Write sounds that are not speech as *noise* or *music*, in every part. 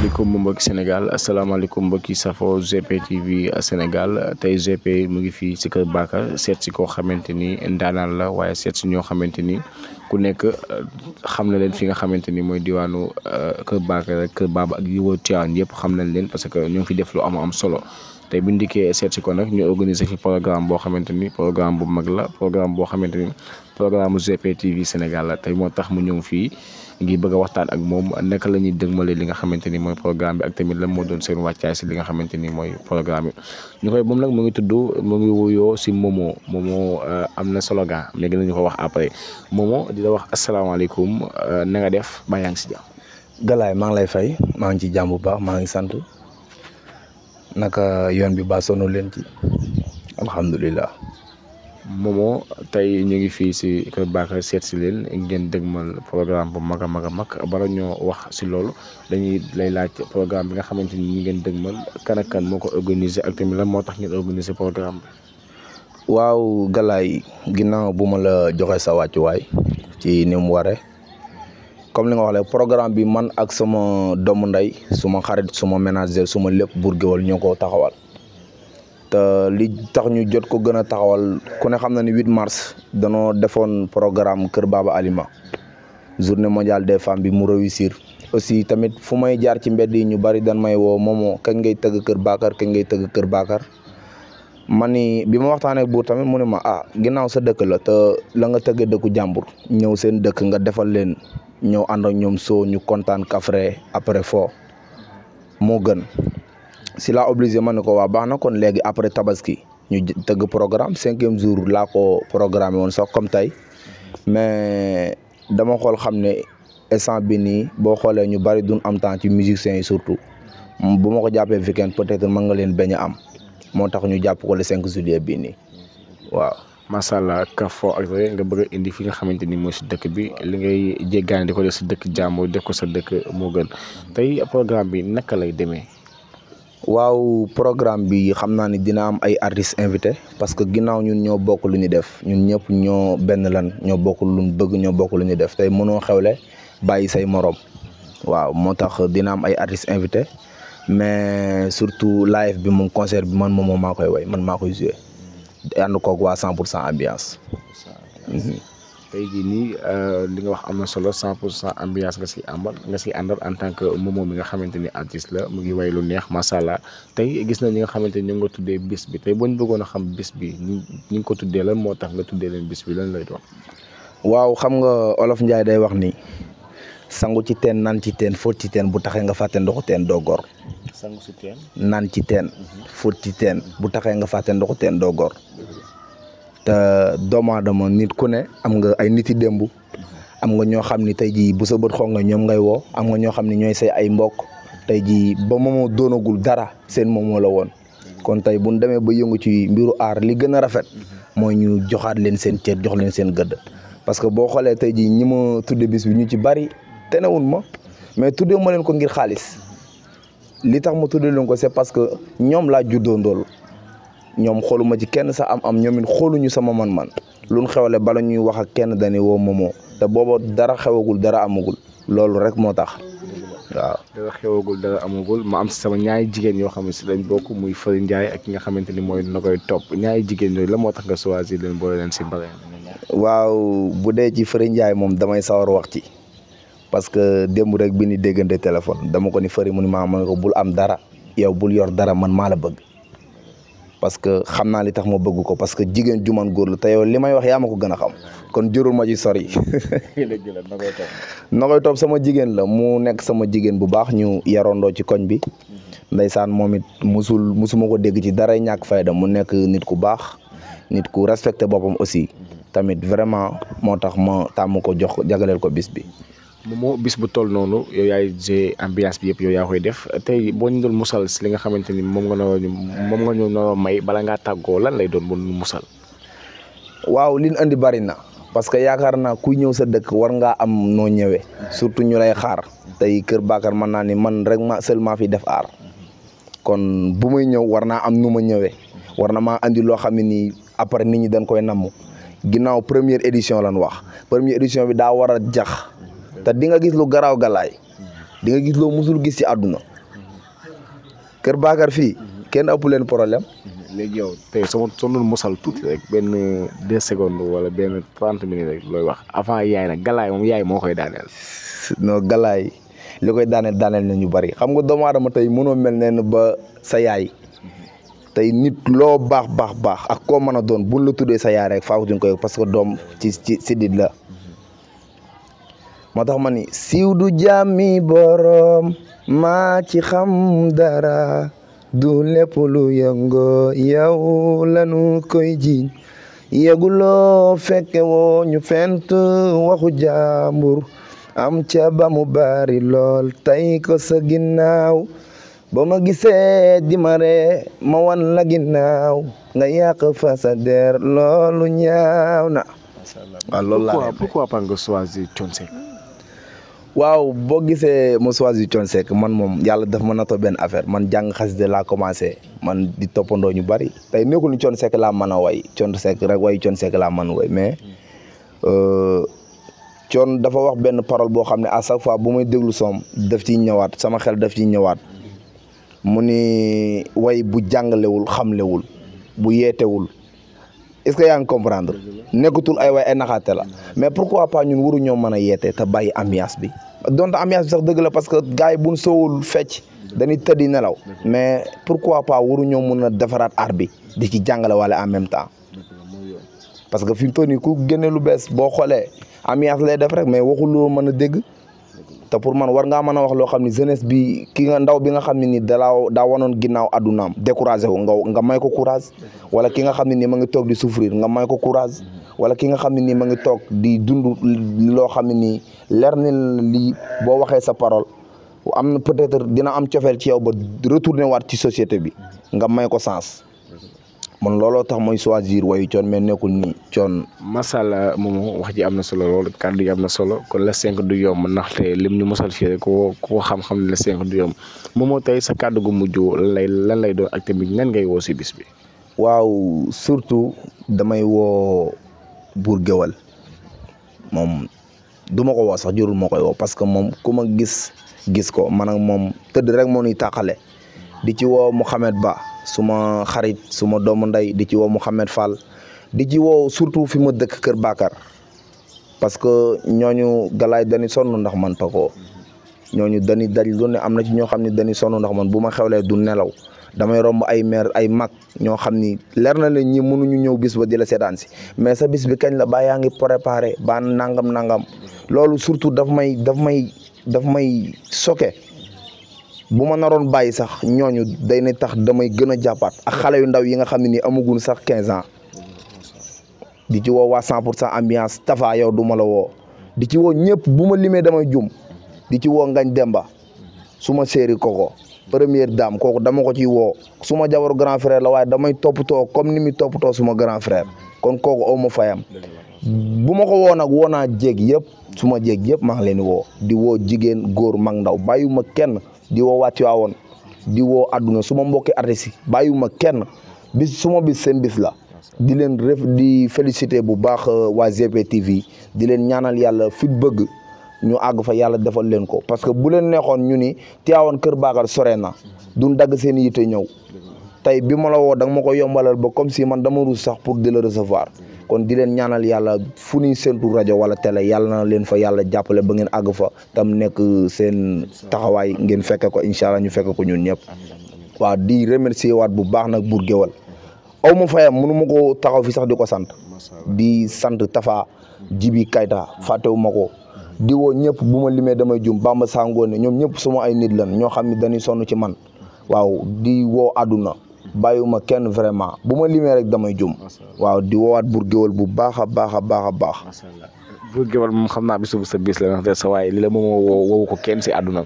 asalaamaaleykum mbokki Sénégal asalaamaaleykum mbokki safo GP TV Sénégal tey GP mu ngi fii ci Kër Baka seet si koo xamante ni ndaanaan la waaye seet si ñoo xamante ni ku nekk euh, xam na leen fi nga xamante ni mooy diwaanu euh, Kër Bakar Kër Baaba ak yi wër Tiwaawan yëpp xam nañ leen parce que ñu ngi fi def lu am am solo tey bu ñu dikkee seet si ko nag ñu organiser fi programme boo xamante ni programme bu mag la programme boo xamante ni programme GPTV Sénégal la tey moo tax mu ñëw fii ngir bëgg a waxtaan ak moom naka la ñuy dëgmale li nga xamante ni mooy programme bi ak tamit lan moo doon seen wàccaay si li nga xamante ni mooy programme bi ñu koy moom nag mu ngi tudd mu ngi wuyoo si Momo Momo euh, am na slogan léegi nañu ko wax après Momo la wax asalaamaaleykum euh, na nga def ba yaa ngi si jàmm. lay fay maa ngi ci jàmm bu baax maa ngi santu naka yoon bi baa sonu leen ci alhamdulilah. Momo tey ñu ngi fii si Kër Bakar seet si leen ngeen dégmal programme bu mag a mag a mag bala ñoo wax si loolu dañuy lay laaj programme bi nga xamante ni ñu ngeen dégmal kan ak kan moo ko organisé ak lan moo tax ngeen organisé programme waaw Galaye ginnaaw bu ma la joxe sa wàccuwaay ci ni mu waree comme li nga wax programme bi man ak sama doomu ndey suma xarit suma ménager suma lépp Bour Gueweul ñoo ko taxawal te li tax ñu jot ko gën a taxawal ku ne xam na ni 8 mars danoo defoon programme Kër Baba Alima journée mondiale des femmes bi mu réussir aussi tamit fu may jaar ci mbedd yi ñu bari dan may woo moomoo kañ ngay tëgg Kër Bakar kañ ngay tëgg Kër Bakar ma ni bi ma waxtaanee buur tamit mu ne ma ah ginnaaw sa dëkk la te la nga tëgg dëkku jàmbur ñëw seen dëkk nga defal leen ñëw ànd ak ñoom soo ñu kontaan kafre après foo moo gën si la obligé ma ne ko waa baax na kon léegi après tabaski ñu tëgg programme cinquième jour laa ko programme woon soo comme tey mais dama xool xam ne instant bi nii boo xoolee ñu bari dun am temps ci musiciens yi surtout bu ma ko jàppee weekend peut-être mën nga leen bañ a am moo tax ñu jàpp ko le 5 bii nii waaw. macha allah ka foo ak nga bëgg indi fi nga xamante ni mooy si dëkk bi li ngay jéggaani di ko def si dëkk jàmbur def ko sa dëkk moo gën tey programme bi naka lay demee. waaw programme bi xam naa ni dina am ay artistes invité parce que ginnaaw ñun ñoo bokk lu ñu def ñun ñëpp ñoo benn lan ñoo bokk lu bëgg ñoo bokk lu ñu def tey mënoo xewle bàyyi say morom waaw moo tax dina am ay artistes invité mais surtout live bi moom concert bi man moom maa koy woy man maa koy joué ànd koog waa 100 pour cent ambiance. tey jii nii euh, li nga wax am na solo 100 pour cent ambiance nga si amal nga si àndal en tant que Momo mi nga xamante ni artiste la mu ngi way lu neex macha allah tey gis na ñi nga xamante ni ñu nga tuddee bis bi tey boo ñu bëggoon a xam bis bi ñu ngi ko tuddee la moo tax nga tuddee leen bis bi lañ lay doon. waaw xam nga Olof Njaay day wax nii sangu ci teen naan ci teen fóot ci teen bu taxee nga fàtte ndoxu teen doo gor. sangu ci teen naan ci teen. fóot teen bu taxee nga fàtte ndoxu teen doo gor. te doomu aadama nit ku ne am nga ay nit demb am nga ñoo xam ni tey jii bu sa bët xoog ñoom ngay woo am nga ñoo xam ni ñooy say ay mbokk tey jii ba moomoo doonagul dara seen moom la woon kon tey bu ñu demee ba yëngu ci mbiru aar li gën a rafet mooy ñu joxaat leen seen cër jox leen seen gëdd parce que boo xoolee tey jii ñi tudde bis bi ñu ci bari tenewun ma mais tuddee ma leen ko ngir xaalis li tax ma tuddee leen ko c'est parce que ñoom laa juddoo ndool ñoom ma ci kenn sax am am ñoomin it xooluñu sama man-man lu xew xewle bala ñuy wax ak kenn dañuy woo moomoo te booba dara xewagul dara amagul loolu rek moo tax waaw dara xewagul dara amagul ma am si sama ñaari jigéen yoo xam ne si lañ bokk muy Fari Ndiaye ak ki nga xamante ni mooy na koy topp ñaari jigéen yooyu la moo tax nga choisir leen boo leen si bare waaw bu dee ji Fari Ndiaye moom damay sawar wax ci parce que démb rek bi ni déggante téléphone dama ko ni fëri mu ni maa ma ne ko bul am dara yow bul yor dara man maa la bëgg parce que xam naa li tax ma bëgg ko parce que jigéen ju man góor la te yow li may wax yaa ma ko gën a xam kon jërul ma ci sori. *laughs* dëgg la Nogoy Top. sama jigéen la mu nekk sama jigéen bu baax ñu yarondoo ci koñ bi. Mm-hmm. Ndeysaan moom it musul musuma ko dégg ci dara ñàkk fayda mu nekk nit ku baax nit ku respecté boppam aussi. Mm-hmm. tamit vraiment moo tax ma tàmm ko jox jagaleel ko bis bi. Momo bis bu toll noonu yooy yaay jee ambiance bi yëpp yow yaa koy def tey boo ñu doon musal si li nga xamante ni moom nga ñu moom nga ñu naroon may bala ngaa tàggoo lan lay doon nu musal. waaw li indi andi na parce que yaakaar naa kuy ñëw sa dëkk war ngaa am noo ñëwee. surtout ñu lay xaar. tey Kër Bakar mën naa ni man rek ma seulement fi def aar. kon bu may ñëw war naa am nu ma ñëwee. war na maa indi loo xam ne nii après ni ñu dañ koy namm. ginnaaw première édition lañ wax première édition bi daa war a jax. te di nga gis lu garaaw galaay di nga gis loo musul gis ci àdduna Kër Bakar fii kenn ëpp leen problème. léegi yow tey sama sama mosal tuuti rek benn deux secondes wala benn trente minutes looy wax avant yaay nag galaay moom yaay moo koy daaneel. non li koy daaneel daaneel na ñu bari xam nga doomu aadama tey mënoo mel neen ba sa yaay tey nit loo baax baax baax ak koo mën a doon buñ la tuddee sa yaay rek faaw duñ koy parce que doom ci ci siddit la. moo tax ma ni siiw du jàmmi boroom maa ci xam dara du lépp lu yëngoo yow lanu koy jiñ loo fekke woo ñu fent waxu jàmbur am ca ba mu bari lool tey ko sa ginnaaw ba ma gisee di ma ree wan la ginnaaw nga yàq fa sa der loolu ñaaw na. waaw loolu waaw boo gisee ma choisir Thione Seck man moom yàlla daf ma natoo benn affaire man jàng xasida laa commencé man di toppandoo ñu bari tey nekkul ni Thione Seck laa mën a way Thione Seck rek way Thione Seck laa mën a way mais euh, Thione dafa wax benn parole boo xam ne à chaque fois bu may déglu soom daf ciy ñëwaat sama xel daf ciy ñëwaat mu ni way bu jàngalewul xamlewul bu yeetewul est-ce que yaa ngi comprendre nekkatul ay waay ay la mais pourquoi pas ñun waru ñoo mën a yeete te bàyyi ambiance bi dont ambiance bi sax dëgg la parce que gars yi buñ sowul fecc dañuy tëddi nelaw mais pourquoi pas waru ñoo mën a defaraat ar bi di ci jàngale wala en même temps parce que fi mu toll nii ku génne lu bees boo xoolee ambiance lay def rek mais waxul loo mën a dégg te pour man war ngaa mën a wax loo xam ni jeunesse bi ki nga ndaw bi nga xam ne ni dalaa daa wanoon ginnaaw addunaam découragé wu nga nga may ko courage wala ki nga xam ne nii ma ngi toog di souffrir nga may ko courage wala ki nga xam ne nii ma toog di dundu loo xam ne nii leer na lii boo waxee sa parole am na peut-être dina am cofeel ci yow ba retourné waat ci société bi nga may ko sens man looloo tax mooy choisir wayu coon mais nekkul nii coon masala moomu wax ji am na solo lool kàddu yi am na solo kon la cinq du yomb ndaxte lim ñu mosal fii ko ko xam-xam ne la cinq du yomb moomoo tey sa kàddu gu mujj lan lay lan lay doon ak tamit ngay woo si bis bi waaw surtout damay woo géwal moom du ko woo sax jurul moo parce que moom ku ma gis gis ko man moom tëdd rek moo nuy tàqale di ci woo Mouhamed Ba suma xarit suma doomu ndey di ci woo Mouhamed Fall di ci woo surtout fi ma dëkk Kër Bakar parce que ñooñu galaay dañu sonn ndax man Paco ñooñu dañuy daj lu ne am na ci ñoo xam ne dañuy sonn ndax man bu ma xewlee du nelaw damay romb ay meer ay mag ñoo xam ni leer na leen ñi mënuñu ñëw bis ba di la seetaan si mais sa bis bi kañ la ba yaa ngi préparé ba nangam nangam loolu surtout dafa may daf may daf may soke bu ma naroon bàyyi sax ñooñu day ne tax damay gën a jàppaat ak xale yu ndaw yi nga xam ne nii amaguñ sax 15 ans di ci woo waa 100 pour cent ambiance Tafa yow du ma la woo di ci woo ñëpp bu ma limee damay jum di ci woo Ngañ Demba su ma séeri koko première dame kooku dama ko ciy woo su ma jabar grand frère la waaye damay toppatoo comme ni muy toppatoo suma grand frère kon kooku aw ma fayam bu ma ko woo nag woo naa jéeg yëpp su ma jéeg yëpp maa ngi leen di woo di woo jigéen góor mag ndaw bàyyiwuma kenn. di woo waa woon di woo àdduna su ma mbokki artistes yi bàyyiwuma kenn bis su ma bis seen bis la di leen ref di félicité bu baax euh, waa GPTV di leen ñaanal yàlla fit bëgg ñu àgg fa yàlla defal leen ko parce que bu leen neexoon ñu ni Tiwaawoon Kër Bakar sore na duñ dagg seen yitte ñëw tey bi ma la woo da nga ma ko yombalal ba comme si man dama ruus sax pour di la recevoir kon di leen ñaanal yàlla fu ñuy séntu rajo wala télé yàlla na leen fa yàlla jàppale ba ngeen àgg fa tam nekk seen taxawaay ngeen fekke ko incha allah ñu fekke ko ñun ñëpp waaw di remercier waat bu baax nag Bour Gueweul aw ma fayam mënu ma ko taxaw fi sax di ko sant di sant Tafa Jibi Kayta fàttewu ma ko di woo ñëpp bu ma limee damay jum Bamba Sangoone ñoom ñëpp suma ay nit lan ñoo xam ne dañuy sonn ci man waaw di woo àdduna bàyyiwuma kenn vraiment bu ma limee rek damay jum waaw di woowaat Bour Gueweul bu baax a baax a baax a baax Bour Gueweul moom xam naa bi sa bis la ndax sa waaye li la moom woo woowu ko kenn si àdduna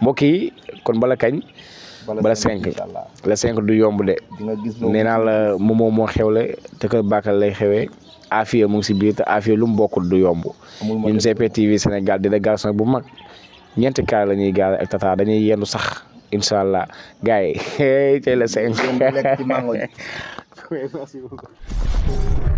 mbokk kon bala kañ bala cinq la cinq du yomb de nee naa la moomoo moo xewle te kër Bakal lay xewe Afia mu ngi si biir te Afia lu mu bokkul du yomb ñun p TV Sénégal di délégation bu mag ñeenti kaar la ñuy gaale ak Tata dañuy yendu sax incha allah gars yi tey la cinq merci beaucoup